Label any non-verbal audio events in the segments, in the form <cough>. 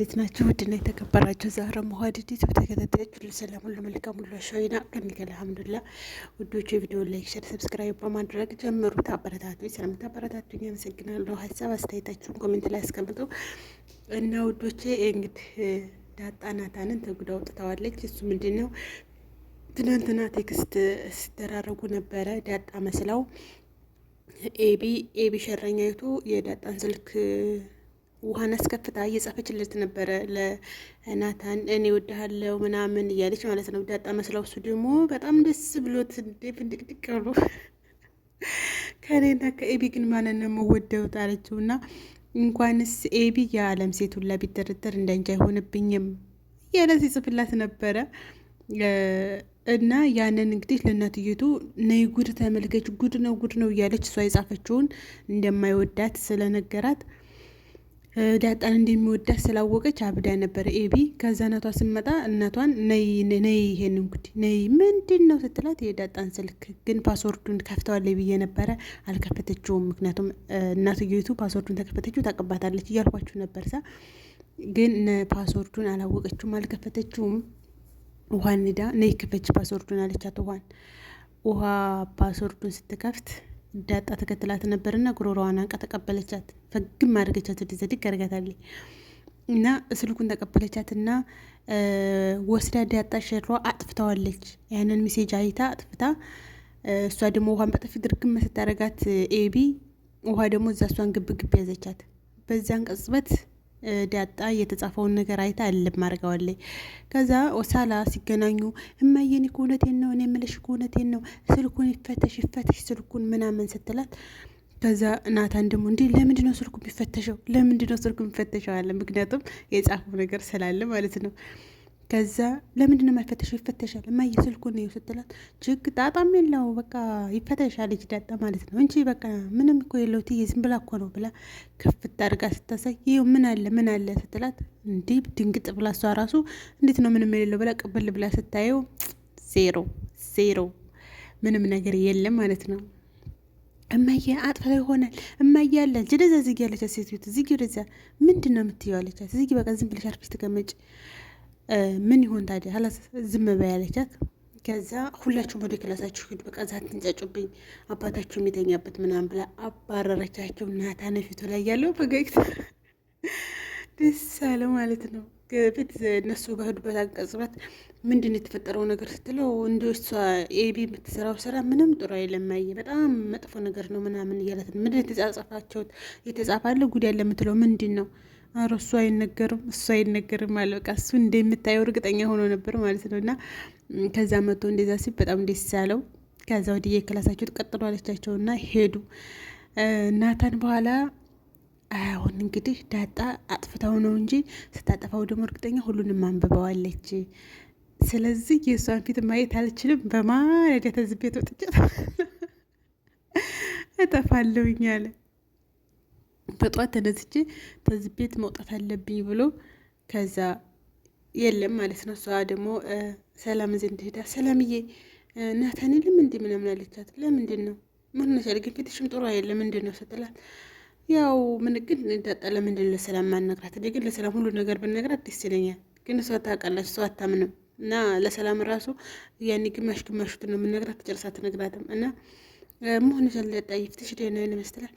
እንዴት ናችሁ? ውድና የተከበራችሁ ዛህራ መዋድድ ዩቲዩብ ተከታታዮች ሁሉ ሰላም፣ ሁሉ መልካም፣ ሁሉ አሻዊና ከሚገ አልሐምዱላ። ውዶቹ የቪዲዮ ላይክ፣ ሸር፣ ሰብስክራይብ በማድረግ ጀምሩት። አበረታቱኝ። አበረታቱ አመሰግናለሁ። ሀሳብ አስተያየታችሁን ኮሜንት ላይ አስቀምጡ እና ውዶቼ እንግዲህ ዳጣ ናታንን ተጉዳ አውጥታዋለች። እሱ ምንድን ነው ትናንትና ቴክስት ሲደራረጉ ነበረ ዳጣ መስላው ኤቢ ኤቢ ሸረኛይቱ የዳጣን ስልክ ውሃን አስከፍታ እየጻፈችለት ነበረ ለናታን እኔ ወድሃለው ምናምን እያለች ማለት ነው። ዳጣ መስለው እሱ ደግሞ በጣም ደስ ብሎት እንዴ ፍንድቅድቅ ብሎ <laughs> ከእኔና ከኤቢ ግን ማንን ነው የምወደውት አለችው። እና እንኳንስ ኤቢ የዓለም ሴት ሁላ ቢደረደር እንዳንቺ አይሆንብኝም እያለ ሲጽፍላት ነበረ። እና ያንን እንግዲህ ለእናትየቱ ነይ ጉድ ተመልከች፣ ጉድ ነው ጉድ ነው እያለች እሷ የጻፈችውን እንደማይወዳት ስለነገራት ዳጣን እንደሚወዳት ስላወቀች አብዳ ነበረ ኤቢ። ከዛ እናቷ ስመጣ እናቷን ነይ ይሄን እንግዲህ ነይ ምንድን ነው ስትላት የዳጣን ስልክ ግን ፓስወርዱን ከፍተዋለ ብዬ ነበረ አልከፈተችውም። ምክንያቱም እናትየቱ ፓስወርዱን ተከፈተችው ታቀባታለች እያልኳችሁ ነበር። ሳ ግን ፓስወርዱን አላወቀችውም፣ አልከፈተችውም። ውሃን ዳ ነይ ክፈች ፓስወርዱን አለቻት። ውሃን ውሃ ፓስወርዱን ስትከፍት ዳጣ ተከትላት ነበርና ጉሮሮዋን አንቃ ተቀበለቻት። ፈግም አድርገቻት ወደ ዘድግ አድርጋታለች እና ስልኩን ተቀበለቻት እና ወስዳ ዳጣ ሸሯ አጥፍታዋለች። ያንን ሚሴጅ አይታ አጥፍታ እሷ ደግሞ ውሃን በጥፊ ድርግም ስታደርጋት ኤቢ ውሃ ደግሞ እዛ እሷን ግብ ግብ ያዘቻት በዚያን ቅጽበት ዳጣ የተጻፈውን ነገር አይታ እልም አድርገዋለች። ከዛ ሳላ ሲገናኙ እማዬ እኔ ነው እኔ የምልሽ እኮ ነው ስልኩን ይፈተሽ ይፈተሽ ስልኩን ምናምን ስትላት ከዛ ናታን ደግሞ እንዲህ ለምንድን ነው ስልኩ የሚፈተሸው? ለምንድን ነው ስልኩ የሚፈተሸው አለ። ምክንያቱም የጻፈው ነገር ስላለ ማለት ነው። ከዛ ለምንድን ነው አይፈተሽ? ይፈተሻል እማዬ ስልኩን ነው ስትላት፣ ችግ ጣጣም የለው በቃ ይፈተሻል እጅ ዳጣ ማለት ነው እንጂ በቃ ምንም እኮ የለው ትዬ ዝም ብላ እኮ ነው ብላ ከፍት አድርጋ ስታሳይ ይኸው ምን አለ ምን አለ ስትላት፣ እንዲህ ድንግጥ ብላ እሷ ራሱ እንዴት ነው ምንም የሌለው ብላ ቅብል ብላ ስታየው ዜሮ ዜሮ ምንም ነገር የለም ማለት ነው። እማዬ አጥፍታ ይሆናል እማዬ አለ ጅደዛ ዝጊ ያለቻት ሴትዮት ዝጊ ወደዚያ ምንድን ነው የምትየው አለቻት። ዝጊ በቃ ዝም ብለሽ አርፈሽ ተቀመጭ ምን ይሆን ታዲያ ላ ዝም በይ አለቻት። ከዛ ሁላችሁም ወደ ክላሳችሁ ሂዱ፣ በቃ እዛ አትንጫጩብኝ፣ አባታችሁ የሚተኛበት ምናምን ብላ አባረረቻቸው። ናታን ፊቱ ላይ ያለው ፈገግታ <laughs> ደስ አለው ማለት ነው። ቤት እነሱ በሄዱበት አንቀጽበት ምንድን የተፈጠረው ነገር ስትለው እንደ እሷ ኤቢ የምትሰራው ስራ ምንም ጥሩ አይለማየ በጣም መጥፎ ነገር ነው ምናምን እያለት ምንድን የተጻጻፋቸውት የተጻፋለ ጉዳይ ለምትለው ምንድን ነው ኧረ እሱ አይነገርም እሱ አይነገርም አለ። በቃ እሱ እንደምታየው እርግጠኛ ሆኖ ነበር ማለት ነው። እና ከዛ መቶ እንደዛ ሲል በጣም ደስ ያለው። ከዛ ወዲዬ የክላሳቸው ቀጥሎ አለቻቸው እና ሄዱ። እናታን በኋላ አሁን እንግዲህ ዳጣ አጥፍታው ነው እንጂ ስታጠፋው ደግሞ እርግጠኛ ሁሉንም አንብበዋለች። ስለዚህ የእሷን ፊት ማየት አልችልም፣ በማለዳ ተዝቤት ወጥቼ እጠፋለሁኝ አለ በጧት ተነስቼ ከዚህ ቤት መውጣት አለብኝ ብሎ ከዛ የለም ማለት ነው። እሷ ደግሞ ሰላም እዚህ እንደሄዳ ሰላምዬ ናታን ልም እንዲ ምናምን አለቻት። ለምንድን ነው ምን ሆነሻል ግን ፊትሽም ጥሩ አይደለም ምንድን ነው ስትላት ያው ምን ግን እንዳጣ ለምንድን ለሰላም ማነግራት? እኔ ግን ለሰላም ሁሉ ነገር ብነግራት ደስ ይለኛል። ግን እሷ ታውቃለች፣ እሷ አታምንም። እና ለሰላም ራሱ ያኔ ግማሽ ግማሹት ነው የምነግራት፣ ጨርሳ ትነግራትም እና መሆንሽ ለጣይ ፊትሽ ደህና ይመስላል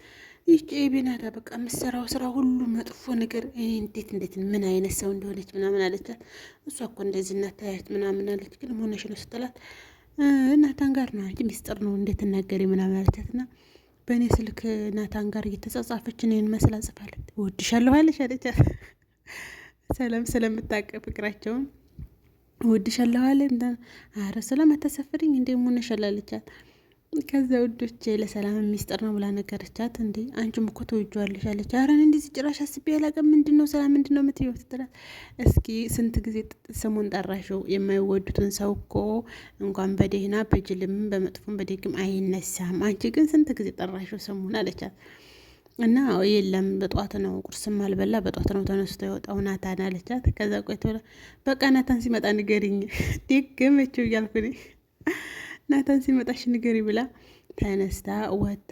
ይህች ቤናታ በቃ የምትሰራው ስራ ሁሉ መጥፎ ነገር እንዴት እንዴት ምን አይነት ሰው እንደሆነች ምናምን አለቻት። እሷ እኮ እንደዚህ እናታያት ምናምን አለች። ግን መሆነሽ ነው ስትላት እናታን ጋር ነው እንጂ ሚስጥር ነው እንደትናገሪ ምናምን አለቻት። እና በእኔ ስልክ እናታን ጋር እየተጻጻፈች እኔን መስል ጽፋለች። እወድሻለሁ አለች አለቻት። ሰላም ስለምታቀ ፍቅራቸውን እወድሻለሁ አለ። አረ ኧረ ስለማታሳፍሪኝ እንዴ መሆነሻል አለቻት። ከዛ ውዶቼ ለሰላም ሚስጥር ነው ብላ ነገረቻት። እንዴ አንቺም እኮ ተወጇዋለሽ አለች። አረን እንዲህ ጭራሽ አስቤ ያላቀ ምንድን ነው ሰላም፣ ምንድን ነው የምትይው ስትላት፣ እስኪ ስንት ጊዜ ስሙን ጠራሽው? የማይወዱትን ሰው እኮ እንኳን በደህና በጅልም በመጥፎም በደግም አይነሳም። አንቺ ግን ስንት ጊዜ ጠራሽው ስሙን አለቻት። እና የለም በጠዋት ነው ቁርስም አልበላ በጠዋት ነው ተነስቶ የወጣው ናታን አለቻት። ከዛ ቆይቶ በቃ ናታን ሲመጣ ንገሪኝ ደገመችው እያልኩ እኔ ናታን ሲመጣሽ ንገሪ ብላ ተነስታ ወታ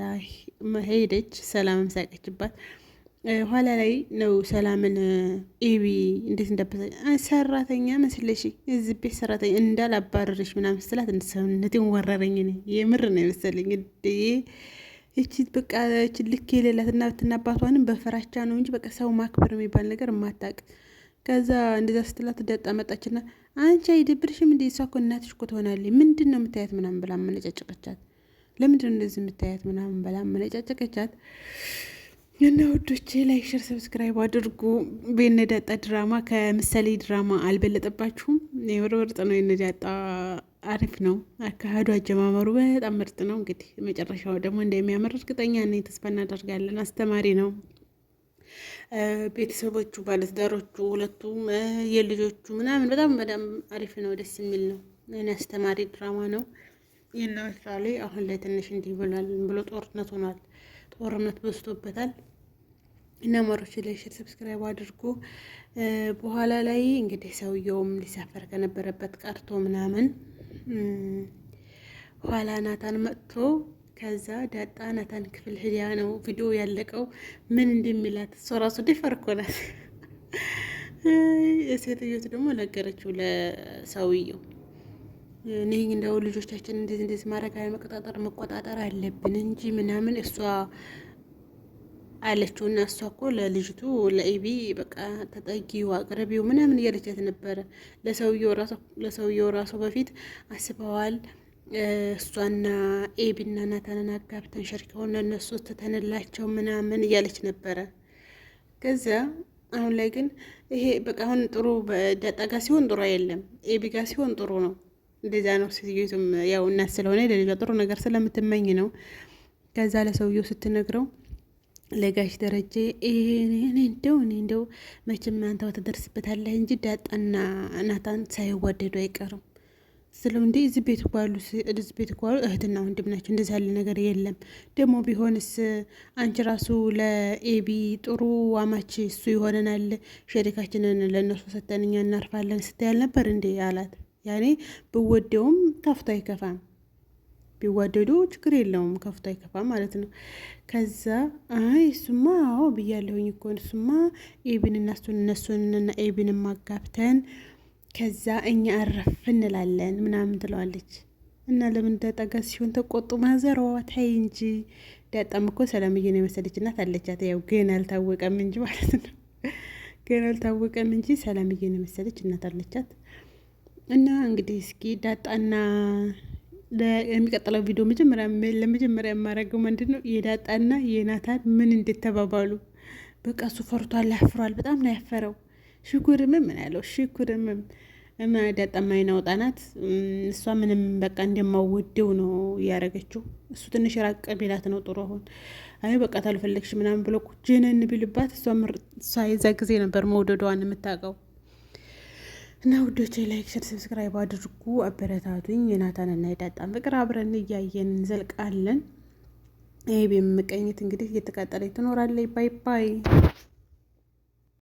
ሄደች። ሰላምም ሳቀችባት። ኋላ ላይ ነው ሰላምን ኤቢ እንዴት እንደበሰ ሰራተኛ መስለሽ እዚ ቤት ሰራተኛ እንዳላባረረሽ ምናምን ስትላት እንሰውነቴን ወረረኝ። የምር ነው የመሰለኝ እ እቺ በቃ እቺ ልክ የሌላት እና ብትናባቷንም በፍራቻ ነው እንጂ በቃ ሰው ማክበር የሚባል ነገር ማታቅ። ከዛ እንደዛ ስትላት ደጣ መጣችና አንቺ አይደብርሽም እንዴ? እሷ እኮ እናትሽ እኮ ትሆናለች። ምንድን ነው የምታያት ምናምን ብላ መነጫጨቀቻት። ለምንድን ነው እንደዚህ የምታያት ምናምን ብላ መነጫጨቀቻት። እና ወዶቼ ላይክ፣ ሸር፣ ሰብስክራይብ አድርጉ። የነዳጣ ድራማ ከምሳሌ ድራማ አልበለጠባችሁም። የወር ነው የነዳጣ አሪፍ ነው። አካሄዱ አጀማመሩ በጣም ምርጥ ነው። እንግዲህ መጨረሻው ደግሞ እንደሚያምር እርግጠኛ ነኝ፣ ተስፋ እናደርጋለን። አስተማሪ ነው። ቤተሰቦቹ፣ ባለትዳሮቹ ሁለቱም የልጆቹ ምናምን በጣም በጣም አሪፍ ነው፣ ደስ የሚል ነው። እኔ አስተማሪ ድራማ ነው። ይህን አውስትራሊ አሁን ላይ ትንሽ እንዲህ ብሏል ብሎ ጦርነት ሆኗል፣ ጦርነት በዝቶበታል። እና ማሮች ላይ ሼር ሰብስክራይብ አድርጎ በኋላ ላይ እንግዲህ ሰውየውም ሊሳፈር ከነበረበት ቀርቶ ምናምን ኋላ ናታን መጥቶ ከዛ ዳጣ ናታን ክፍል ሂዳ ነው ቪዲዮ ያለቀው። ምን እንደሚላት እሷ ራሱ ዲፈር እኮ ናት። ሴትዮቱ ደግሞ ነገረችው ለሰውየው እኔ እንደው ልጆቻችን እንዴት እንዴት ማድረግ መቆጣጠር መቆጣጠር አለብን እንጂ ምናምን እሷ አለችው። እና እሷ እኮ ለልጅቱ ለኢቢ በቃ ተጠጊው አቅርቢው ምናምን እያለቻት ነበረ። ለሰውየው ራሱ በፊት አስበዋል እሷና ኤቢና ናታንን አጋብተን ሸርክ ሆነ እነሱ ትተንላቸው ምናምን እያለች ነበረ። ከዚያ አሁን ላይ ግን ይሄ በቃ አሁን ጥሩ ዳጣ ጋ ሲሆን ጥሩ አይደለም፣ ኤቢ ጋ ሲሆን ጥሩ ነው። እንደዚያ ነው። ሴትዮቱም ያው እናት ስለሆነ ለሌላ ጥሩ ነገር ስለምትመኝ ነው። ከዛ ለሰውየው ስትነግረው ለጋሽ ደረጀ እኔ እንደው እኔ እንደው መቼም አንተው ተደርስበታለህ እንጂ ዳጣና ናታን ሳይዋደዱ አይቀርም ስለው እንዴ እዚህ ቤት እኮ ያሉ እዚህ ቤት እኮ ያሉ እህትና ወንድም ናቸው። እንደዚህ ያለ ነገር የለም። ደግሞ ቢሆንስ አንቺ ራሱ ለኤቢ ጥሩ አማች እሱ ይሆነናል፣ ሸሪካችንን ለእነሱ ሰጠን እኛ እናርፋለን ስትያል ነበር እንዴ አላት። ያኔ ብወደውም ከፍቶ አይከፋም፣ ቢዋደዱ ችግር የለውም ከፍቶ አይከፋም ማለት ነው። ከዛ አይ እሱማ አዎ ብያለሁኝ እኮ እሱማ ኤቢን እናሱን እነሱንና ኤቢን ማጋብተን ከዛ እኛ አረፍ እንላለን ምናምን ትለዋለች እና ለምን ዳጣ ሲሆን ተቆጡ ማዘሯ ታይ እንጂ ዳጣም እኮ ሰላምዬ ነው የመሰለች እናት አለቻት። ያው ገና አልታወቀም እንጂ ማለት ነው ገና አልታወቀም እንጂ ሰላምዬ ነው የመሰለች እናት አለቻት። እና እንግዲህ እስኪ ዳጣና የሚቀጥለው ቪዲዮ መጀመሪያ ለመጀመሪያ የማደርገው ምንድን ነው የዳጣና የናታን ምን እንደተባባሉ በቃ እሱ ፈርቷል፣ ያፍሯል። በጣም ነው ያፈረው ሽኩርምም ምን ያለው ሽኩርምም ነው ጣናት። እሷ ምንም በቃ እንደማወደው ነው እያደረገችው። እሱ ትንሽ ራቅ ቢላት ነው ጥሩ። አሁን አይ በቃ ታልፈለግሽ ምናምን ብሎ ጀነን ቢልባት እሷ የዛ ጊዜ ነበር መውደዷን የምታውቀው። እና ውዶቼ ላይክ፣ ሸር፣ ሰብስክራይብ አድርጉ፣ አበረታቱኝ። የናታን እና የዳጣን ፍቅር አብረን እያየን እንዘልቃለን። ይህ የምቀኝት እንግዲህ እየተቃጠለች ትኖራለች። ባይ ባይ።